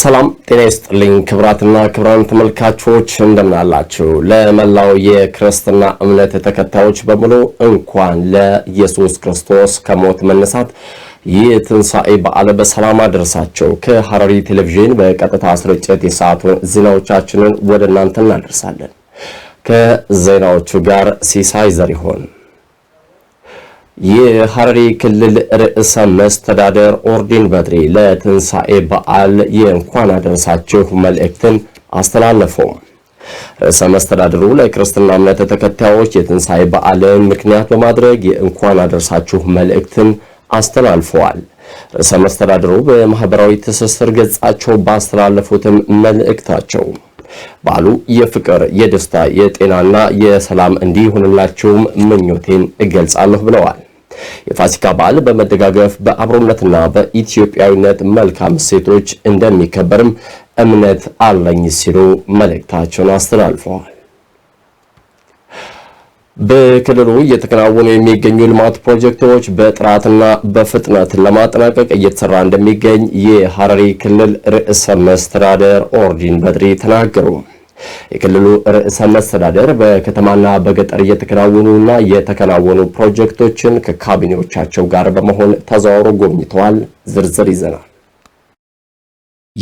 ሰላም ጤና ይስጥልኝ ክብራትና ክብራን ተመልካቾች እንደምናላችሁ። ለመላው የክርስትና እምነት ተከታዮች በሙሉ እንኳን ለኢየሱስ ክርስቶስ ከሞት መነሳት የትንሣኤ በዓል በሰላም አደረሳቸው። ከሐረሪ ቴሌቪዥን በቀጥታ ስርጭት የሰዓቱን ዜናዎቻችንን ወደ እናንተ እናደርሳለን። ከዜናዎቹ ጋር ሲሳይ ዘሪሁን የሐረሪ ክልል ርዕሰ መስተዳደር ኦርዲን በድሪ ለትንሣኤ በዓል የእንኳን አደረሳችሁ መልእክትን አስተላለፉ። ርዕሰ መስተዳድሩ ለክርስትና እምነት ተከታዮች የትንሣኤ በዓልን ምክንያት በማድረግ የእንኳን አደረሳችሁ መልእክትን አስተላልፈዋል። ርዕሰ መስተዳድሩ በማኅበራዊ ትስስር ገጻቸው ባስተላለፉትም መልእክታቸው በዓሉ የፍቅር፣ የደስታ፣ የጤናና የሰላም እንዲሆንላችሁም ምኞቴን እገልጻለሁ ብለዋል። የፋሲካ በዓል በመደጋገፍ በአብሮነትና በኢትዮጵያዊነት መልካም እሴቶች እንደሚከበርም እምነት አለኝ ሲሉ መልእክታቸውን አስተላልፈዋል። በክልሉ እየተከናወኑ የሚገኙ ልማት ፕሮጀክቶች በጥራትና በፍጥነት ለማጠናቀቅ እየተሰራ እንደሚገኝ የሐረሪ ክልል ርዕሰ መስተዳደር ኦርዲን በድሪ ተናገሩ። የክልሉ ርዕሰ መስተዳደር በከተማና በገጠር እየተከናወኑና የተከናወኑ ፕሮጀክቶችን ከካቢኔዎቻቸው ጋር በመሆን ተዘዋውሮ ጎብኝተዋል። ዝርዝር ይዘናል።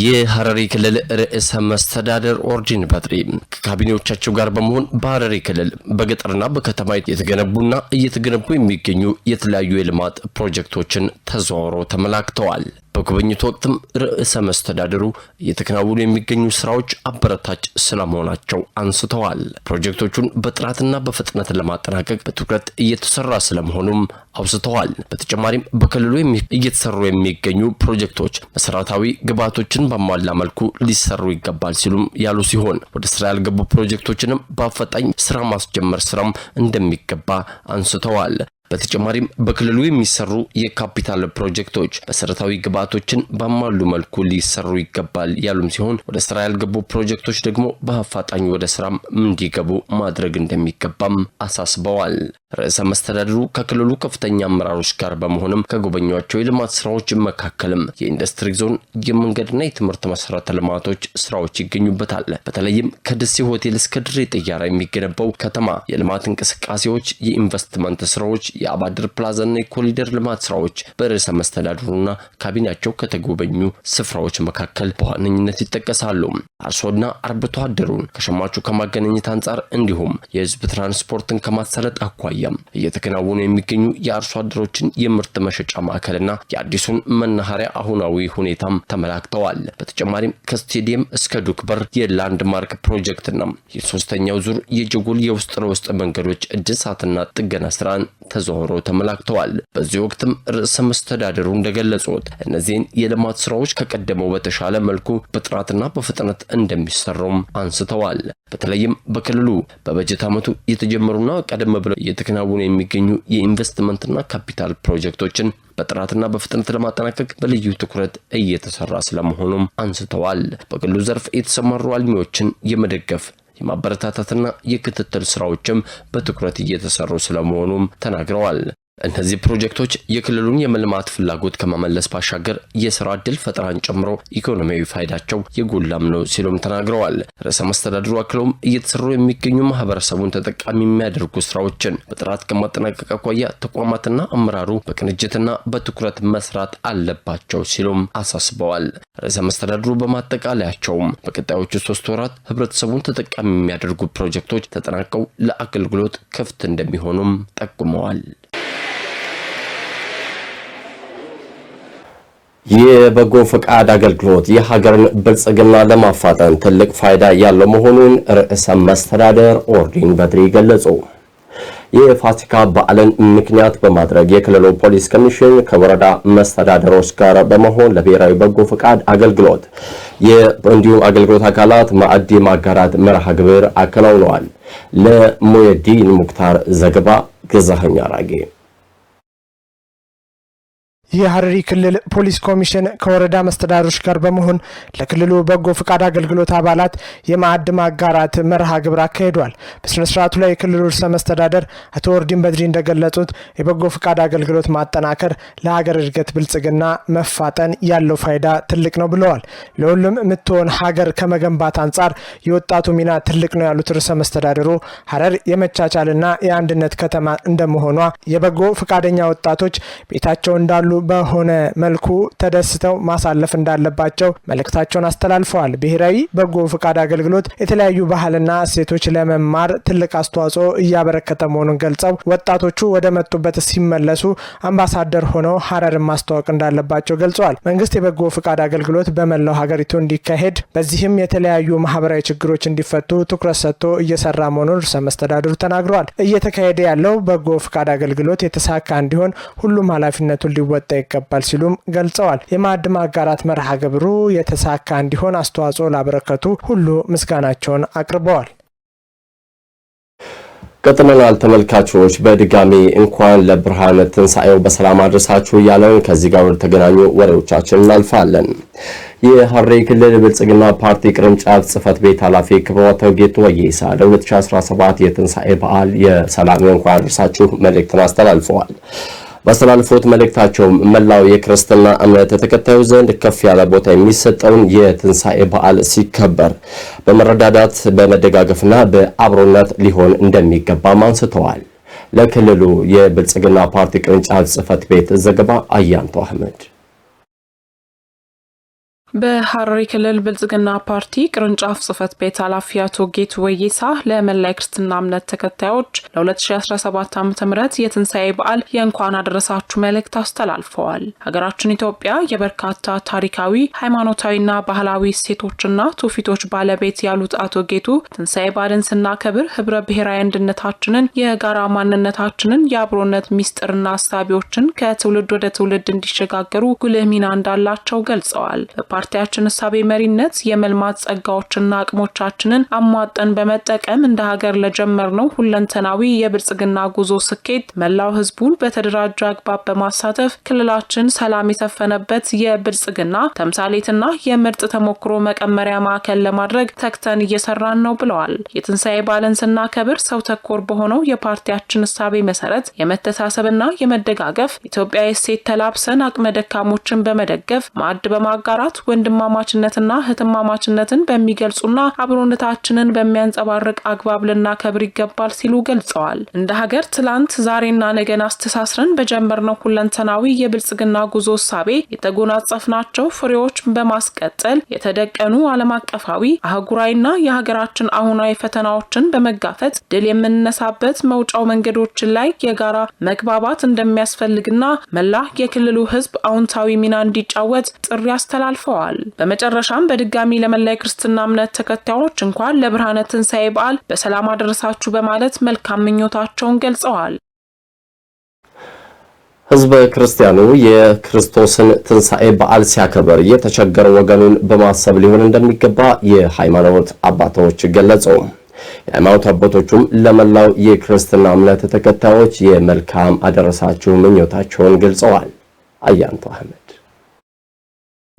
የሐረሪ ክልል ርዕሰ መስተዳደር ኦርዲን ባጥሪ ከካቢኔዎቻቸው ጋር በመሆን በሐረሪ ክልል በገጠርና በከተማ የተገነቡና እየተገነቡ የሚገኙ የተለያዩ የልማት ፕሮጀክቶችን ተዘዋውሮ ተመላክተዋል። በጉብኝቱ ወቅትም ርዕሰ መስተዳድሩ እየተከናወኑ የሚገኙ ስራዎች አበረታች ስለመሆናቸው አንስተዋል። ፕሮጀክቶቹን በጥራትና በፍጥነት ለማጠናቀቅ በትኩረት እየተሰራ ስለመሆኑም አውስተዋል። በተጨማሪም በክልሉ እየተሰሩ የሚገኙ ፕሮጀክቶች መሰረታዊ ግብዓቶችን ባሟላ መልኩ ሊሰሩ ይገባል ሲሉም ያሉ ሲሆን ወደ ስራ ያልገቡ ፕሮጀክቶችንም በአፋጣኝ ስራ ማስጀመር ስራም እንደሚገባ አንስተዋል። በተጨማሪም በክልሉ የሚሰሩ የካፒታል ፕሮጀክቶች መሰረታዊ ግብዓቶችን ባሟሉ መልኩ ሊሰሩ ይገባል ያሉም ሲሆን ወደ ስራ ያልገቡ ፕሮጀክቶች ደግሞ በአፋጣኝ ወደ ስራም እንዲገቡ ማድረግ እንደሚገባም አሳስበዋል። ርዕሰ መስተዳድሩ ከክልሉ ከፍተኛ አመራሮች ጋር በመሆንም ከጎበኟቸው የልማት ስራዎች መካከልም የኢንዱስትሪ ዞን የመንገድና የትምህርት መሰረተ ልማቶች ስራዎች ይገኙበታል። በተለይም ከደሴ ሆቴል እስከ ድሬ ጥያራ የሚገነባው ከተማ የልማት እንቅስቃሴዎች፣ የኢንቨስትመንት ስራዎች፣ የአባድር ፕላዛና የኮሪደር ልማት ስራዎች በርዕሰ መስተዳድሩና ካቢናቸው ከተጎበኙ ስፍራዎች መካከል በዋነኝነት ይጠቀሳሉ። አርሶና አርብቶ አደሩን ከሸማቹ ከማገናኘት አንጻር እንዲሁም የህዝብ ትራንስፖርትን ከማሳለጥ አኳያ አኳያም እየተከናወኑ የሚገኙ የአርሶ አደሮችን የምርት መሸጫ ማዕከልና የአዲሱን መናኸሪያ አሁናዊ ሁኔታም ተመላክተዋል። በተጨማሪም ከስቴዲየም እስከ ዱክበር የላንድማርክ ፕሮጀክትና የሶስተኛው ዙር የጀጎል የውስጥ ለውስጥ መንገዶች እድሳትና ጥገና ስራን ተዘዋውረው ተመላክተዋል። በዚህ ወቅትም ርዕሰ መስተዳደሩ እንደገለጹት እነዚህን የልማት ስራዎች ከቀደመው በተሻለ መልኩ በጥራትና በፍጥነት እንደሚሰሩም አንስተዋል። በተለይም በክልሉ በበጀት ዓመቱ የተጀመሩና ቀደም ብለው እየተከናወኑ የሚገኙ የኢንቨስትመንትና ካፒታል ፕሮጀክቶችን በጥራትና በፍጥነት ለማጠናቀቅ በልዩ ትኩረት እየተሰራ ስለመሆኑም አንስተዋል። በግሉ ዘርፍ የተሰማሩ አልሚዎችን የመደገፍ የማበረታታትና የክትትል ስራዎችም በትኩረት እየተሰሩ ስለመሆኑም ተናግረዋል። እነዚህ ፕሮጀክቶች የክልሉን የመልማት ፍላጎት ከመመለስ ባሻገር የስራ እድል ፈጠራን ጨምሮ ኢኮኖሚያዊ ፋይዳቸው የጎላም ነው ሲሉም ተናግረዋል። ርዕሰ መስተዳድሩ አክለውም እየተሰሩ የሚገኙ ማህበረሰቡን ተጠቃሚ የሚያደርጉ ስራዎችን በጥራት ከማጠናቀቅ አኳያ ተቋማትና አመራሩ በቅንጅትና በትኩረት መስራት አለባቸው ሲሉም አሳስበዋል። ርዕሰ መስተዳድሩ በማጠቃለያቸውም በቀጣዮቹ ሶስት ወራት ህብረተሰቡን ተጠቃሚ የሚያደርጉ ፕሮጀክቶች ተጠናቀው ለአገልግሎት ክፍት እንደሚሆኑም ጠቁመዋል። የበጎ ፈቃድ አገልግሎት የሀገርን ብልጽግና ለማፋጠን ትልቅ ፋይዳ ያለው መሆኑን ርዕሰ መስተዳደር ኦርዲን በድሪ ገለጹ። የፋሲካ በዓልን ምክንያት በማድረግ የክልሉ ፖሊስ ኮሚሽን ከወረዳ መስተዳደሮች ጋር በመሆን ለብሔራዊ በጎ ፈቃድ አገልግሎት እንዲሁም አገልግሎት አካላት ማዕድ ማጋራት መርሃ ግብር አከናውነዋል። ለሙየዲን ሙክታር ዘገባ ገዛኸኝ አራጌ የሀረሪ ክልል ፖሊስ ኮሚሽን ከወረዳ መስተዳድሮች ጋር በመሆን ለክልሉ በጎ ፍቃድ አገልግሎት አባላት የማዕድ ማጋራት መርሃ ግብር አካሂዷል። በስነ ስርዓቱ ላይ የክልሉ ርዕሰ መስተዳደር አቶ ወርዲን በድሪ እንደገለጹት የበጎ ፍቃድ አገልግሎት ማጠናከር ለሀገር እድገት ብልጽግና መፋጠን ያለው ፋይዳ ትልቅ ነው ብለዋል። ለሁሉም የምትሆን ሀገር ከመገንባት አንጻር የወጣቱ ሚና ትልቅ ነው ያሉት ርዕሰ መስተዳደሩ ሀረር የመቻቻልና የአንድነት ከተማ እንደመሆኗ የበጎ ፍቃደኛ ወጣቶች ቤታቸው እንዳሉ በሆነ መልኩ ተደስተው ማሳለፍ እንዳለባቸው መልእክታቸውን አስተላልፈዋል። ብሔራዊ በጎ ፍቃድ አገልግሎት የተለያዩ ባህልና እሴቶች ለመማር ትልቅ አስተዋጽኦ እያበረከተ መሆኑን ገልጸው ወጣቶቹ ወደ መጡበት ሲመለሱ አምባሳደር ሆነው ሀረርን ማስተዋወቅ እንዳለባቸው ገልጸዋል። መንግስት የበጎ ፍቃድ አገልግሎት በመላው ሀገሪቱ እንዲካሄድ በዚህም የተለያዩ ማህበራዊ ችግሮች እንዲፈቱ ትኩረት ሰጥቶ እየሰራ መሆኑን ርዕሰ መስተዳድሩ ተናግረዋል። እየተካሄደ ያለው በጎ ፍቃድ አገልግሎት የተሳካ እንዲሆን ሁሉም ኃላፊነቱን ሊወጣ ሊወጣ ይገባል ሲሉም ገልጸዋል። የማዕድ ማጋራት መርሃ ግብሩ የተሳካ እንዲሆን አስተዋጽኦ ላበረከቱ ሁሉ ምስጋናቸውን አቅርበዋል። ቀጥለናል ተመልካቾች፣ በድጋሚ እንኳን ለብርሃነ ትንሣኤው በሰላም አድረሳችሁ እያለን ከዚህ ጋር ወደ ተገናኙ ወሬዎቻችን እናልፋለን። የሐረሪ ክልል ብልጽግና ፓርቲ ቅርንጫፍ ጽህፈት ቤት ኃላፊ ክቡር አቶ ጌቱ ወይሳ ለ2017 የትንሣኤ በዓል የሰላም እንኳን አድረሳችሁ መልእክትን አስተላልፈዋል። ባስተላልፎት መልእክታቸው መላው የክርስትና እምነት ተከታዩ ዘንድ ከፍ ያለ ቦታ የሚሰጠውን የትንሣኤ በዓል ሲከበር በመረዳዳት በመደጋገፍና በአብሮነት ሊሆን እንደሚገባም አንስተዋል። ለክልሉ የብልጽግና ፓርቲ ቅርንጫፍ ጽህፈት ቤት ዘገባ አያንቶ አህመድ በሐረሪ ክልል ብልጽግና ፓርቲ ቅርንጫፍ ጽህፈት ቤት ኃላፊ አቶ ጌቱ ወይሳ ለመላ ክርስትና እምነት ተከታዮች ለ2017 ዓ ም የትንሣኤ በዓል የእንኳን አደረሳችሁ መልእክት አስተላልፈዋል። ሀገራችን ኢትዮጵያ የበርካታ ታሪካዊ ሃይማኖታዊና ባህላዊ እሴቶችና ትውፊቶች ባለቤት ያሉት አቶ ጌቱ ትንሣኤ በዓልን ስናከብር ህብረ ብሔራዊ አንድነታችንን፣ የጋራ ማንነታችንን፣ የአብሮነት ሚስጥርና አሳቢዎችን ከትውልድ ወደ ትውልድ እንዲሸጋገሩ ጉልህ ሚና እንዳላቸው ገልጸዋል። የፓርቲያችን እሳቤ መሪነት የመልማት ጸጋዎችና አቅሞቻችንን አሟጠን በመጠቀም እንደ ሀገር ለጀመርነው ሁለንተናዊ የብልጽግና ጉዞ ስኬት መላው ህዝቡን በተደራጀ አግባብ በማሳተፍ ክልላችን ሰላም የሰፈነበት የብልጽግና ተምሳሌትና የምርጥ ተሞክሮ መቀመሪያ ማዕከል ለማድረግ ተግተን እየሰራን ነው ብለዋል። የትንሣኤ በዓልን ስናከብር ሰው ተኮር በሆነው የፓርቲያችን እሳቤ መሰረት የመተሳሰብና የመደጋገፍ ኢትዮጵያ የሴት ተላብሰን አቅመ ደካሞችን በመደገፍ ማዕድ በማጋራት ወንድማማችነትና እህትማማችነትን በሚገልጹና አብሮነታችንን በሚያንጸባርቅ አግባብ ልናከብር ይገባል ሲሉ ገልጸዋል። እንደ ሀገር ትላንት ዛሬና ነገን አስተሳስረን በጀመርነው ሁለንተናዊ የብልጽግና ጉዞ እሳቤ የተጎናጸፍናቸው ፍሬዎች በማስቀጠል የተደቀኑ ዓለም አቀፋዊ አህጉራዊና የሀገራችን አሁናዊ ፈተናዎችን በመጋፈጥ ድል የምንነሳበት መውጫው መንገዶችን ላይ የጋራ መግባባት እንደሚያስፈልግና መላ የክልሉ ሕዝብ አዎንታዊ ሚና እንዲጫወት ጥሪ አስተላልፈዋል። ገልጸዋል። በመጨረሻም በድጋሚ ለመላ የክርስትና እምነት ተከታዮች እንኳን ለብርሃነ ትንሣኤ በዓል በሰላም አደረሳችሁ በማለት መልካም ምኞታቸውን ገልጸዋል። ህዝበ ክርስቲያኑ የክርስቶስን ትንሣኤ በዓል ሲያከብር የተቸገረ ወገኑን በማሰብ ሊሆን እንደሚገባ የሃይማኖት አባቶች ገለጹ። የሃይማኖት አባቶቹም ለመላው የክርስትና እምነት ተከታዮች የመልካም አደረሳችሁ ምኞታቸውን ገልጸዋል። አያንቱ አህመድ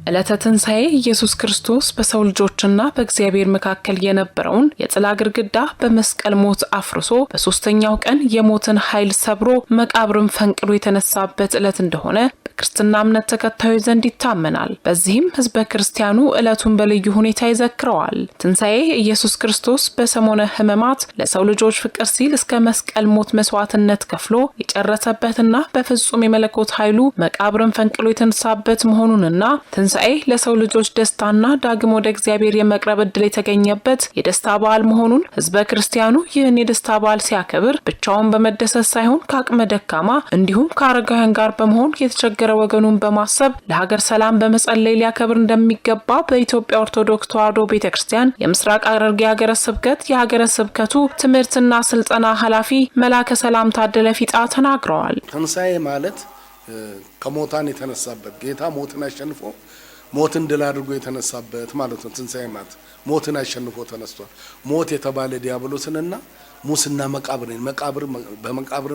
ዕለተ ትንሣኤ ኢየሱስ ክርስቶስ በሰው ልጆችና በእግዚአብሔር መካከል የነበረውን የጥላ ግርግዳ በመስቀል ሞት አፍርሶ በሶስተኛው ቀን የሞትን ኃይል ሰብሮ መቃብርን ፈንቅሎ የተነሳበት ዕለት እንደሆነ ክርስትና እምነት ተከታዮች ዘንድ ይታመናል። በዚህም ህዝበ ክርስቲያኑ ዕለቱን በልዩ ሁኔታ ይዘክረዋል። ትንሣኤ ኢየሱስ ክርስቶስ በሰሞነ ህመማት ለሰው ልጆች ፍቅር ሲል እስከ መስቀል ሞት መስዋዕትነት ከፍሎ የጨረሰበትና በፍጹም የመለኮት ኃይሉ መቃብርን ፈንቅሎ የተነሳበት መሆኑንና ትንሣኤ ለሰው ልጆች ደስታና ዳግም ወደ እግዚአብሔር የመቅረብ ዕድል የተገኘበት የደስታ በዓል መሆኑን ህዝበ ክርስቲያኑ ይህን የደስታ በዓል ሲያከብር ብቻውን በመደሰት ሳይሆን ከአቅመ ደካማ እንዲሁም ከአረጋውያን ጋር በመሆን የተቸገረ የተቸገረ ወገኑን በማሰብ ለሀገር ሰላም በመጸለይ ሊያከብር እንደሚገባ በኢትዮጵያ ኦርቶዶክስ ተዋሕዶ ቤተ ክርስቲያን የምስራቅ ሐረርጌ ሀገረ ስብከት የሀገረ ስብከቱ ትምህርትና ስልጠና ኃላፊ መላከ ሰላም ታደለ ፊጣ ተናግረዋል። ትንሣኤ ማለት ከሞታን የተነሳበት ጌታ ሞትን አሸንፎ ሞትን ድል አድርጎ የተነሳበት ማለት ነው። ትንሣኤ ማለት ሞትን አሸንፎ ተነስቷል። ሞት የተባለ ዲያብሎስንና ሙስና መቃብርን መቃብር በመቃብር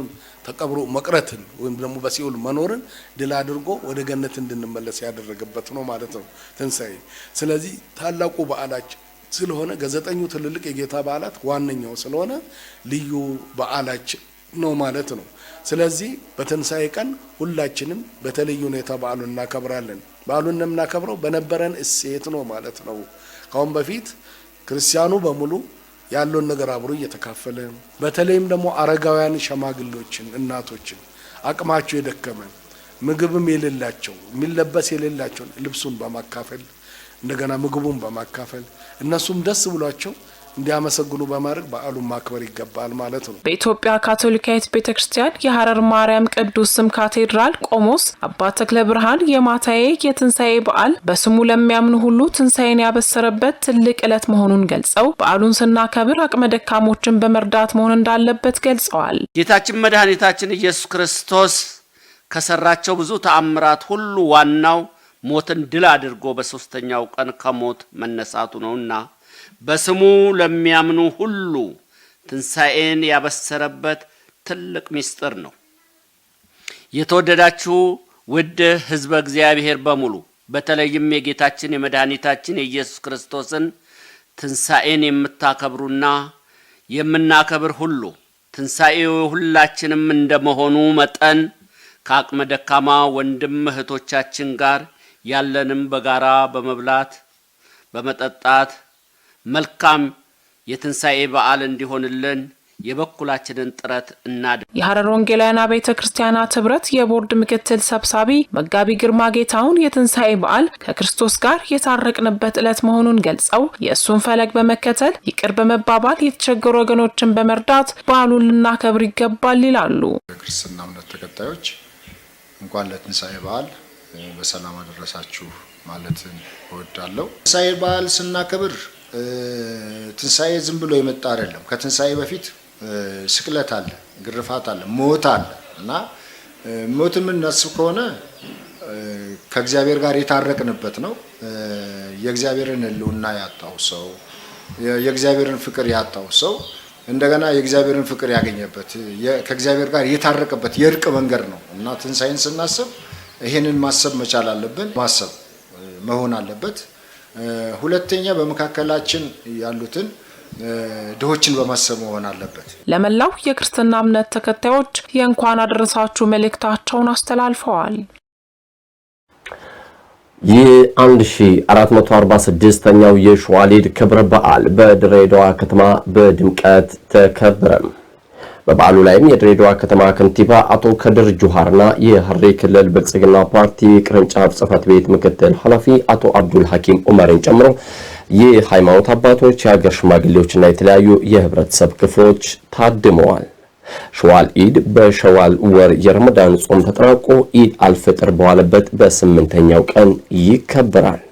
ተቀብሮ መቅረትን ወይም ደግሞ በሲኦል መኖርን ድል አድርጎ ወደ ገነት እንድንመለስ ያደረገበት ነው ማለት ነው ትንሳኤ። ስለዚህ ታላቁ በዓላችን ስለሆነ ከዘጠኙ ትልልቅ የጌታ በዓላት ዋነኛው ስለሆነ ልዩ በዓላችን ነው ማለት ነው። ስለዚህ በትንሳኤ ቀን ሁላችንም በተለዩ ሁኔታ በዓሉን እናከብራለን። በዓሉን የምናከብረው በነበረን እሴት ነው ማለት ነው። ካሁን በፊት ክርስቲያኑ በሙሉ ያለውን ነገር አብሮ እየተካፈለ በተለይም ደግሞ አረጋውያን ሸማግሎችን፣ እናቶችን አቅማቸው የደከመ ምግብም የሌላቸው የሚለበስ የሌላቸውን ልብሱን በማካፈል እንደገና ምግቡን በማካፈል እነሱም ደስ ብሏቸው እንዲያመሰግኑ በማድረግ በዓሉን ማክበር ይገባል ማለት ነው። በኢትዮጵያ ካቶሊካዊት ቤተ ክርስቲያን የሀረር ማርያም ቅዱስ ስም ካቴድራል ቆሞስ አባ ተክለ ብርሃን የማታዬ የትንሣኤ በዓል በስሙ ለሚያምኑ ሁሉ ትንሣኤን ያበሰረበት ትልቅ ዕለት መሆኑን ገልጸው በዓሉን ስናከብር አቅመ ደካሞችን በመርዳት መሆን እንዳለበት ገልጸዋል። ጌታችን መድኃኒታችን ኢየሱስ ክርስቶስ ከሰራቸው ብዙ ተአምራት ሁሉ ዋናው ሞትን ድል አድርጎ በሦስተኛው ቀን ከሞት መነሳቱ ነውና በስሙ ለሚያምኑ ሁሉ ትንሣኤን ያበሰረበት ትልቅ ምስጢር ነው። የተወደዳችሁ ውድ ሕዝበ እግዚአብሔር በሙሉ በተለይም የጌታችን የመድኃኒታችን የኢየሱስ ክርስቶስን ትንሣኤን የምታከብሩና የምናከብር ሁሉ ትንሣኤው ሁላችንም እንደመሆኑ መጠን ከአቅመ ደካማ ወንድም እህቶቻችን ጋር ያለንም በጋራ በመብላት በመጠጣት መልካም የትንሣኤ በዓል እንዲሆንልን የበኩላችንን ጥረት እናድ የሐረር ወንጌላውያን ቤተ ክርስቲያናት ህብረት የቦርድ ምክትል ሰብሳቢ መጋቢ ግርማ ጌታሁን የትንሣኤ በዓል ከክርስቶስ ጋር የታረቅንበት ዕለት መሆኑን ገልጸው የእሱን ፈለግ በመከተል ይቅር በመባባል የተቸገሩ ወገኖችን በመርዳት በዓሉን ልናከብር ይገባል ይላሉ። የክርስትና እምነት ተከታዮች እንኳን ለትንሣኤ በዓል በሰላም አደረሳችሁ ማለትን እወዳለሁ። ትንሣኤ በዓል ስናከብር ትንሣኤ ዝም ብሎ የመጣ አይደለም። ከትንሣኤ በፊት ስቅለት አለ፣ ግርፋት አለ፣ ሞት አለ እና ሞት የምናስብ ከሆነ ከእግዚአብሔር ጋር የታረቅንበት ነው። የእግዚአብሔርን ሕልውና ያጣው ሰው፣ የእግዚአብሔርን ፍቅር ያጣው ሰው እንደገና የእግዚአብሔርን ፍቅር ያገኘበት ከእግዚአብሔር ጋር የታረቀበት የእርቅ መንገድ ነው እና ትንሣኤን ስናስብ ይሄንን ማሰብ መቻል አለብን። ማሰብ መሆን አለበት። ሁለተኛ በመካከላችን ያሉትን ድሆችን በማሰብ መሆን አለበት። ለመላው የክርስትና እምነት ተከታዮች የእንኳን አደረሳችሁ መልእክታቸውን አስተላልፈዋል። የ1446ኛው የሸዋሌድ ክብረ በዓል በድሬዳዋ ከተማ በድምቀት ተከበረም። በበዓሉ ላይም የድሬዳዋ ከተማ ከንቲባ አቶ ከድር ጁሃርና የሐሬ ክልል ብልጽግና ፓርቲ ቅርንጫፍ ጽህፈት ቤት ምክትል ኃላፊ አቶ አብዱል ሐኪም ዑመርን ጨምሮ የሃይማኖት አባቶች፣ የሀገር ሽማግሌዎችና የተለያዩ የህብረተሰብ ክፍሎች ታድመዋል። ሸዋል ኢድ በሸዋል ወር የረመዳን ጾም ተጠናቆ ኢድ አልፍጥር በዋለበት በስምንተኛው ቀን ይከበራል።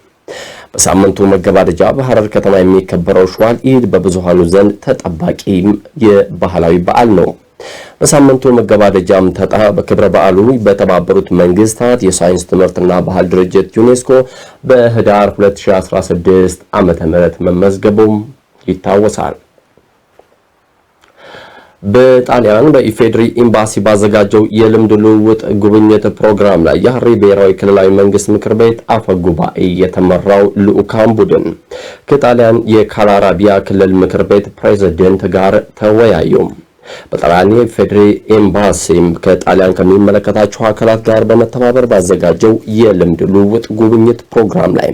በሳምንቱ መገባደጃ በሐረር ከተማ የሚከበረው ሸዋል ኢድ በብዙሃኑ ዘንድ ተጠባቂም የባህላዊ በዓል ነው። በሳምንቱ መገባደጃም ተጣ በክብረ በዓሉ በተባበሩት መንግስታት የሳይንስ ትምህርትና ባህል ድርጅት ዩኔስኮ በህዳር 2016 ዓ.ም መመዝገቡም ይታወሳል። በጣሊያን በኢፌድሪ ኤምባሲ ባዘጋጀው የልምድ ልውውጥ ጉብኝት ፕሮግራም ላይ የሐረሪ ብሔራዊ ክልላዊ መንግስት ምክር ቤት አፈ ጉባኤ የተመራው ልዑካን ቡድን ከጣሊያን የካራቢያ ክልል ምክር ቤት ፕሬዝደንት ጋር ተወያዩ። በጣሊያን የኢፌድሪ ኤምባሲ ከጣሊያን ከሚመለከታቸው አካላት ጋር በመተባበር ባዘጋጀው የልምድ ልውውጥ ጉብኝት ፕሮግራም ላይ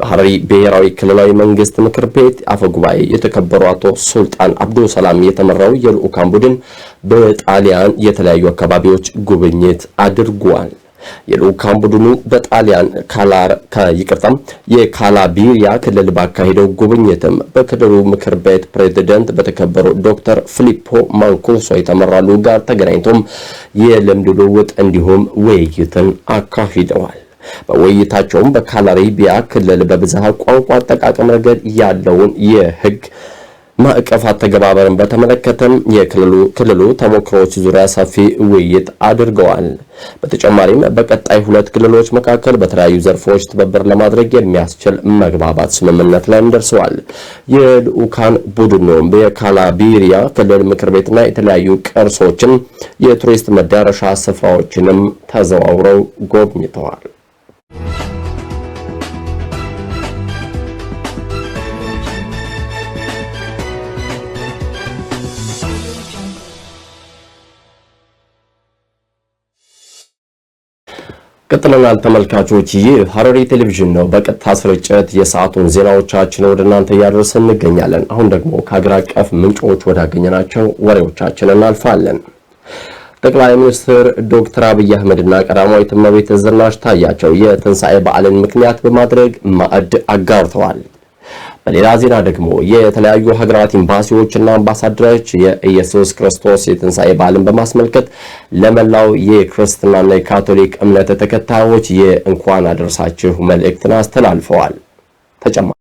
በሐረሪ ብሔራዊ ክልላዊ መንግስት ምክር ቤት አፈ ጉባኤ የተከበሩ አቶ ሱልጣን አብዶ ሰላም የተመራው የልዑካን ቡድን በጣሊያን የተለያዩ አካባቢዎች ጉብኝት አድርጓል። የልዑካን ቡድኑ በጣሊያን ይቅርታም የካላቢሪያ ክልል ባካሄደው ጉብኝትም በክልሉ ምክር ቤት ፕሬዚደንት በተከበሩ ዶክተር ፊሊፖ ማንኮሶ የተመራሉ ጋር ተገናኝቶም የልምድ ልውውጥ እንዲሁም ውይይትን አካሂደዋል። በውይይታቸውም በካላሪቢያ ክልል በብዝሃ ቋንቋ አጠቃቀም ረገድ ያለውን የህግ ማዕቀፍ አተገባበርን በተመለከተም የክልሉ ተሞክሮዎች ዙሪያ ሰፊ ውይይት አድርገዋል። በተጨማሪም በቀጣይ ሁለት ክልሎች መካከል በተለያዩ ዘርፎች ትብብር ለማድረግ የሚያስችል መግባባት ስምምነት ላይም ደርሰዋል። የልዑካን ቡድኑ የካላቢሪያ ክልል ምክር ቤትና የተለያዩ ቅርሶችን፣ የቱሪስት መዳረሻ ስፍራዎችንም ተዘዋውረው ጎብኝተዋል። ቀጥለናል ተመልካቾች፣ ይህ ሐረሪ ቴሌቪዥን ነው። በቀጥታ ስርጭት የሰዓቱን ዜናዎቻችንን ወደ እናንተ እንገኛለን። አሁን ደግሞ ከሀገር አቀፍ ምንጮች ወዳገኘናቸው ወሬዎቻችን እናልፋለን። ጠቅላይ ሚኒስትር ዶክተር አብይ አህመድና ቀዳማዊት እመቤት ዝናሽ ታያቸው የትንሣኤ በዓልን ምክንያት በማድረግ ማዕድ አጋርተዋል። በሌላ ዜና ደግሞ የተለያዩ ሀገራት ኤምባሲዎችና አምባሳደሮች የኢየሱስ ክርስቶስ የትንሣኤ በዓልን በማስመልከት ለመላው የክርስትናና የካቶሊክ እምነት ተከታዮች የእንኳን አደረሳችሁ መልእክትን አስተላልፈዋል። ተጨማሪ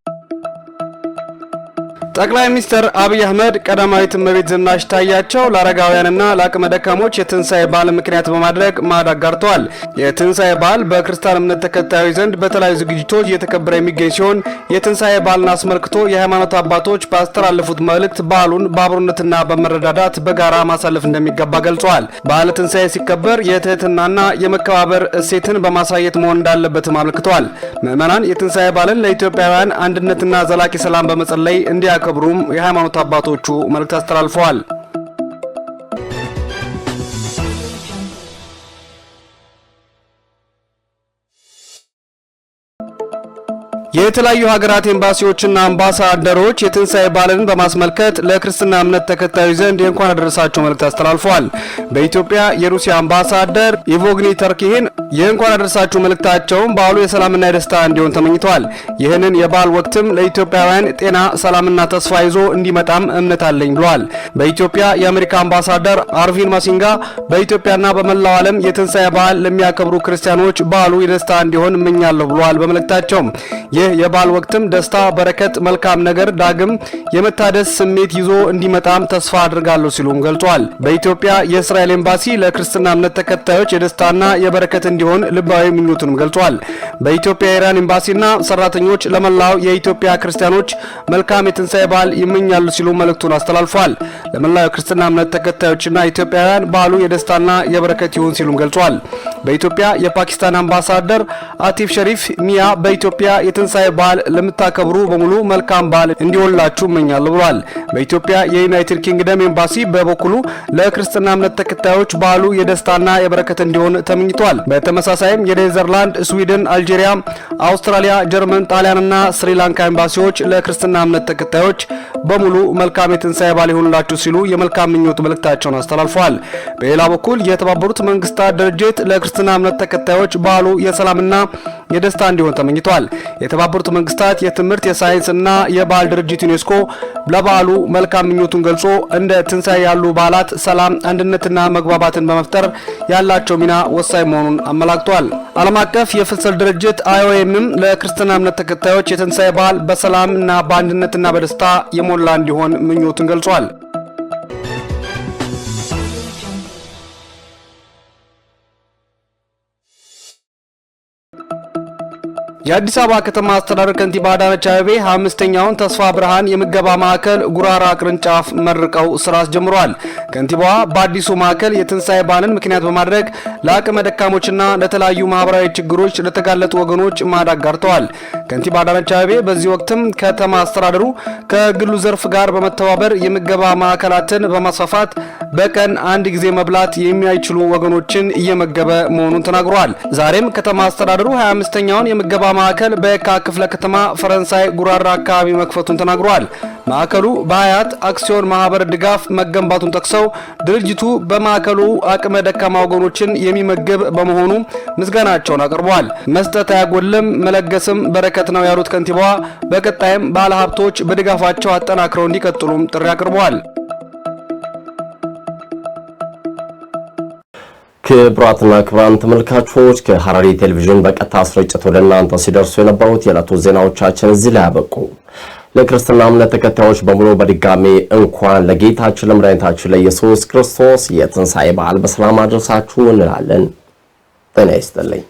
ጠቅላይ ሚኒስትር አብይ አህመድ ቀዳማዊት እመቤት ዝናሽ ታያቸው ለአረጋውያንና ለአቅመ ደካሞች የትንሣኤ በዓል ምክንያት በማድረግ ማዕድ አጋርተዋል። የትንሣኤ በዓል በክርስቲያን እምነት ተከታዮች ዘንድ በተለያዩ ዝግጅቶች እየተከበረ የሚገኝ ሲሆን የትንሣኤ በዓልን አስመልክቶ የሃይማኖት አባቶች ባስተላለፉት መልእክት በዓሉን በአብሮነትና በመረዳዳት በጋራ ማሳለፍ እንደሚገባ ገልጸዋል። በዓለ ትንሣኤ ሲከበር የትህትናና የመከባበር እሴትን በማሳየት መሆን እንዳለበትም አመልክተዋል። ምዕመናን የትንሣኤ በዓልን ለኢትዮጵያውያን አንድነትና ዘላቂ ሰላም በመጸለይ እንዲያ እንዲያከብሩም የሃይማኖት አባቶቹ መልእክት አስተላልፈዋል። የተለያዩ ሀገራት ኤምባሲዎችና አምባሳደሮች የትንሣኤ በዓልን በማስመልከት ለክርስትና እምነት ተከታዮች ዘንድ የእንኳን አደረሳቸው መልእክት አስተላልፈዋል። በኢትዮጵያ የሩሲያ አምባሳደር ኢቮግኒ ተርኪሂን የእንኳን አደረሳችሁ መልእክታቸውን በዓሉ የሰላምና የደስታ እንዲሆን ተመኝተዋል። ይህንን የበዓል ወቅትም ለኢትዮጵያውያን ጤና፣ ሰላምና ተስፋ ይዞ እንዲመጣም እምነት አለኝ ብለዋል። በኢትዮጵያ የአሜሪካ አምባሳደር አርቪን ማሲንጋ በኢትዮጵያና በመላው ዓለም የትንሣኤ በዓል ለሚያከብሩ ክርስቲያኖች በዓሉ የደስታ እንዲሆን እመኛለሁ ብለዋል። በመልእክታቸውም ይህ የበዓል ወቅትም ደስታ፣ በረከት፣ መልካም ነገር ዳግም የመታደስ ስሜት ይዞ እንዲመጣም ተስፋ አድርጋለሁ ሲሉም ገልጿል። በኢትዮጵያ የእስራኤል ኤምባሲ ለክርስትና እምነት ተከታዮች የደስታና የበረከት እንዲሆን ልባዊ ምኞቱንም ገልጿል። በኢትዮጵያ የኢራን ኤምባሲና ሰራተኞች ለመላው የኢትዮጵያ ክርስቲያኖች መልካም የትንሣኤ በዓል ይመኛሉ ሲሉ መልእክቱን አስተላልፏል። ለመላው የክርስትና እምነት ተከታዮችና ኢትዮጵያውያን በዓሉ የደስታና የበረከት ይሁን ሲሉም ገልጿል። በኢትዮጵያ የፓኪስታን አምባሳደር አቲፍ ሸሪፍ ሚያ በኢትዮጵያ የትንሣኤ የትንሣኤ በዓል ለምታከብሩ በሙሉ መልካም በዓል እንዲወላችሁ እመኛለሁ ብሏል። በኢትዮጵያ የዩናይትድ ኪንግደም ኤምባሲ በበኩሉ ለክርስትና እምነት ተከታዮች በዓሉ የደስታና የበረከት እንዲሆን ተመኝቷል። በተመሳሳይም የኔዘርላንድ፣ ስዊድን፣ አልጄሪያ፣ አውስትራሊያ፣ ጀርመን፣ ጣሊያንና ስሪላንካ ኤምባሲዎች ለክርስትና እምነት ተከታዮች በሙሉ መልካም የትንሣኤ በዓል ይሁንላችሁ ሲሉ የመልካም ምኞት መልእክታቸውን አስተላልፈዋል። በሌላ በኩል የተባበሩት መንግስታት ድርጅት ለክርስትና እምነት ተከታዮች በዓሉ የሰላምና የደስታ እንዲሆን ተመኝቷል። የተባበሩት መንግስታት የትምህርት የሳይንስና የባህል ድርጅት ዩኔስኮ ለበዓሉ መልካም ምኞቱን ገልጾ እንደ ትንሣኤ ያሉ በዓላት ሰላም፣ አንድነትና መግባባትን በመፍጠር ያላቸው ሚና ወሳኝ መሆኑን አመላክቷል። ዓለም አቀፍ የፍልሰት ድርጅት አይኦኤምም ለክርስትና እምነት ተከታዮች የትንሣኤ በዓል በሰላምና በአንድነትና በደስታ የሞ የተሞላ እንዲሆን ምኞቱን ገልጿል። የአዲስ አበባ ከተማ አስተዳደር ከንቲባ አዳነች አቤቤ አምስተኛውን ተስፋ ብርሃን የምገባ ማዕከል ጉራራ ቅርንጫፍ መርቀው ስራ አስጀምሯል። ከንቲባዋ በአዲሱ ማዕከል የትንሣኤ በዓልን ምክንያት በማድረግ ለአቅመ ደካሞችና ለተለያዩ ማህበራዊ ችግሮች ለተጋለጡ ወገኖች ማዕድ አጋርተዋል። ከንቲባ አዳነች አቤቤ በዚህ ወቅትም ከተማ አስተዳደሩ ከግሉ ዘርፍ ጋር በመተባበር የምገባ ማዕከላትን በማስፋፋት በቀን አንድ ጊዜ መብላት የሚያይችሉ ወገኖችን እየመገበ መሆኑን ተናግረዋል። ዛሬም ከተማ አስተዳደሩ 25ኛውን የምገባ ማዕከል በየካ ክፍለ ከተማ ፈረንሳይ ጉራራ አካባቢ መክፈቱን ተናግሯል። ማዕከሉ በሀያት አክሲዮን ማህበር ድጋፍ መገንባቱን ጠቅሰው ድርጅቱ በማዕከሉ አቅመ ደካማ ወገኖችን የሚመግብ በመሆኑ ምስጋናቸውን አቅርበዋል። መስጠት አያጎልም፣ መለገስም በረከት ነው ያሉት ከንቲባዋ በቀጣይም ባለሀብቶች በድጋፋቸው አጠናክረው እንዲቀጥሉም ጥሪ አቅርበዋል። ክብራትና ክቡራን ተመልካቾች ከሐረሪ ቴሌቪዥን በቀጥታ ስርጭት ወደ እናንተ ሲደርሱ የነበሩት የዕለቱ ዜናዎቻችን እዚህ ላይ አበቁ። ለክርስትና እምነት ተከታዮች በሙሉ በድጋሜ እንኳን ለጌታችን ለመድኃኒታችን ለኢየሱስ ክርስቶስ የትንሣኤ በዓል በሰላም አድረሳችሁ እንላለን። ጤና ይስጥልኝ።